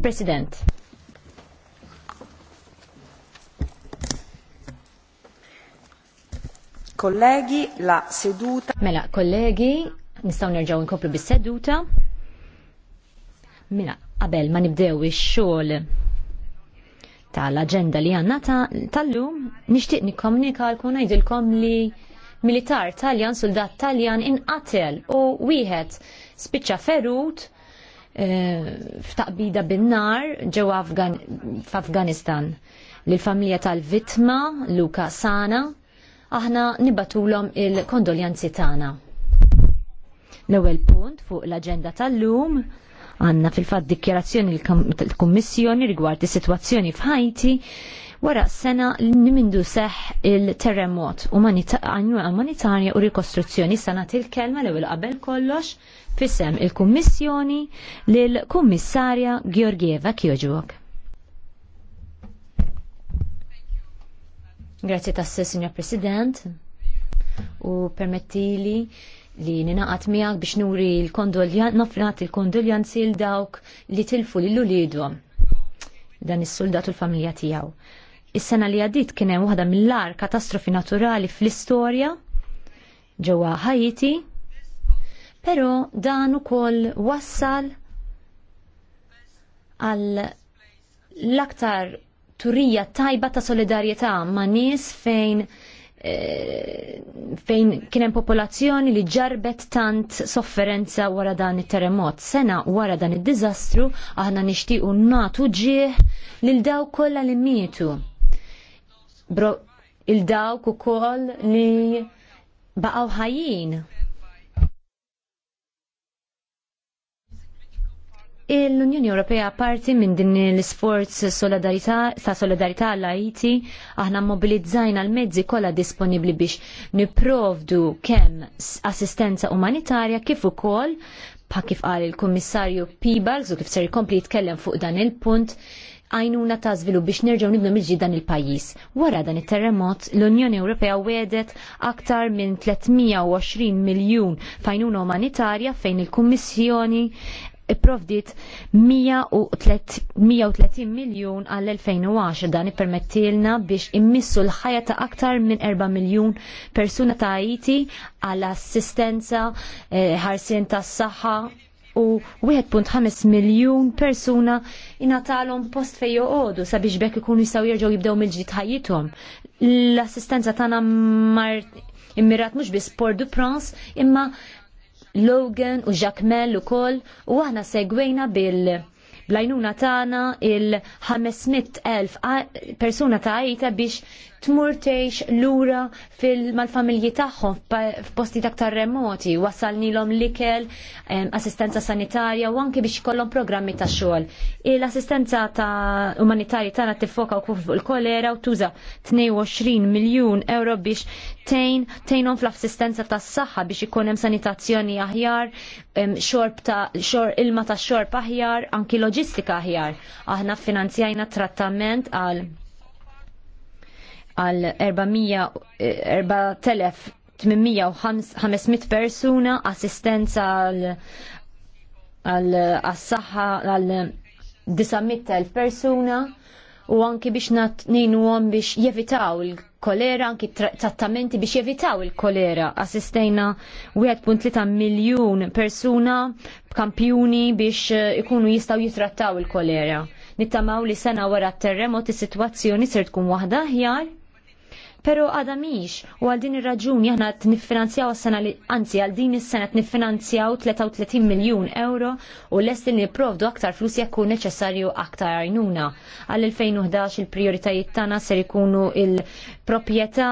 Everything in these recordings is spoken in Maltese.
President. Kollegi, la seduta. Mela, kollegi, nistaw nerġaw nkomplu bis-seduta. Mela, qabel ma nibdew ix-xogħol tal-aġenda li għanna tal-lum, nixtieq nikkomunika lkun ngħidilkom li militar Taljan, soldat Taljan inqatel u wieħed spiċċa ferut Eh, f'taqbida bin-nar ġewwa f'Afganistan. Lill-familja tal-vittma Luka Sana aħna nibatulhom il-kondoljanzi tagħna. L-ewwel punt fuq l-aġenda tal-lum Għanna fil-fat dikjerazzjoni l-Kummissjoni rigward is-sitwazzjoni f'Ħajti wara sena li mindu seħ il-terremot monitarja u rikostruzzjoni sena il-kelma l-ewel qabel kollox fissem il-Kummissjoni lill-Kummissarja Georgieva Kjoġuok. Grazie tasse, signor President u permettili li ninaqat miegħek biex nuri l-kondoljan, nafnat il-kondoljanzi l dawk li tilfu lil ulidhom dan is-soldat u l-familja tiegħu. Is-sena li għaddit kien hemm waħda mill-ar katastrofi naturali fl-istorja ġewwa Haiti, però dan ukoll wassal għal l-aktar turija tajba ta' solidarjetà ma' nies fejn Eh, fejn kienem popolazzjoni li ġarbet tant sofferenza wara dan it-terremot. Sena wara dan id-dizastru aħna nixtiequ natu ġieħ lil daw kollha li mietu. Bro, il daw ukoll li baqgħu ħajjin L-Unjoni Ewropea parti minn din l-isforz ta' solidarità għal Haiti, aħna mobilizzajna l-mezzi kollha disponibbli biex niprovdu kemm assistenza umanitarja kif ukoll pa' kif qal il-Kummissarju Peebles u kif ser jkompli jitkellem fuq dan il-punt għajnuna ta' zvilu biex nerġgħu nibnu mill dan il-pajjiż. Wara dan it-terremot, l-Unjoni Ewropea wedet aktar minn 320 miljun fajnuna umanitarja fejn il-Kummissjoni iprovdit 130 miljon għall-2010 dan ippermettilna biex immissu l-ħajja ta' aktar minn 4 miljun persuna ta' Haiti għall assistenza eh, ħarsien tas saħħa u 1.5 miljun persuna inatalhom post fejn joqogħdu sabiex bekk ikunu jistgħu jerġgħu jibdew mill-ġdid ħajjithom. L-assistenza tagħna mar immirat mhux biss Port du Prince imma Logan u Jacques Mel u kol u għana segwejna bil- blajnuna tagħna il-500,000 persuna ta' għajta biex tmur l lura fil-mal-familji tagħhom f'posti aktar remoti, wasalnilhom l-ikel, assistenza sanitarja u anke biex kollhom programmi ta' xogħol. Il-assistenza ta' umanitarja tagħna tiffoka wkoll fuq il-kolera u tuża 22 miljun euro biex tejn tejnhom fl-assistenza tas-saħħa biex ikun hemm sanitazzjoni aħjar, xorb ta' xor ilma ta' xorb aħjar, anki loġi loġistika ħjar. Aħna finanzjajna trattament għal 4,800 persuna assistenza għal għal saħħa għal 900,000 persuna u anki biex nejnu għom biex jevitaw il-kolera, anki trattamenti biex jevitaw il-kolera. Assistejna 1.3 miljon persuna kampjuni biex eh, ikunu jistaw jitrattaw il-kolera. Nittamaw li sena wara t terremot is-sitwazzjoni ser tkun waħda ħjar pero għada miex u għal din ir-raġuni aħna t-niffinanzjaw s-sena li, anzi għal din is-sena t-niffinanzjaw 33 miljon euro u lest li niprovdu aktar flus jekku neċessarju aktar għajnuna. Għal 2011 il-prioritajiet tagħna ser ikunu il propieta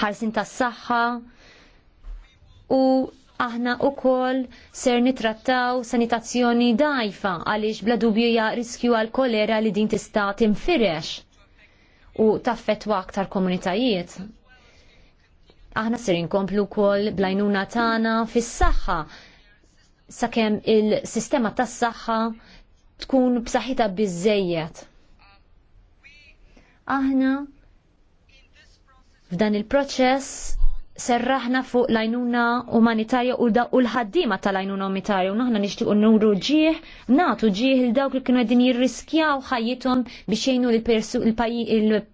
ħarsin tas-saħħa u aħna u kol ser nitrattaw sanitazzjoni dajfa għaliex bla dubju ja riskju għal kolera li din tista' timfirex u taffetwa aktar komunitajiet. Aħna sir inkomplu kol blajnuna tana fis-saħħa sakemm il-sistema tas-saħħa tkun b'saħħitha biżejjed. Aħna f'dan il-proċess serraħna fuq lajnuna umanitarja u da u l-ħaddima tal-lajnuna umanitarja u naħna nishtiqu nuru ġieħ, natu ġieħ il-dawk li kienu għedin jirriskjaw ħajjitom biex jgħinu l-pajjiż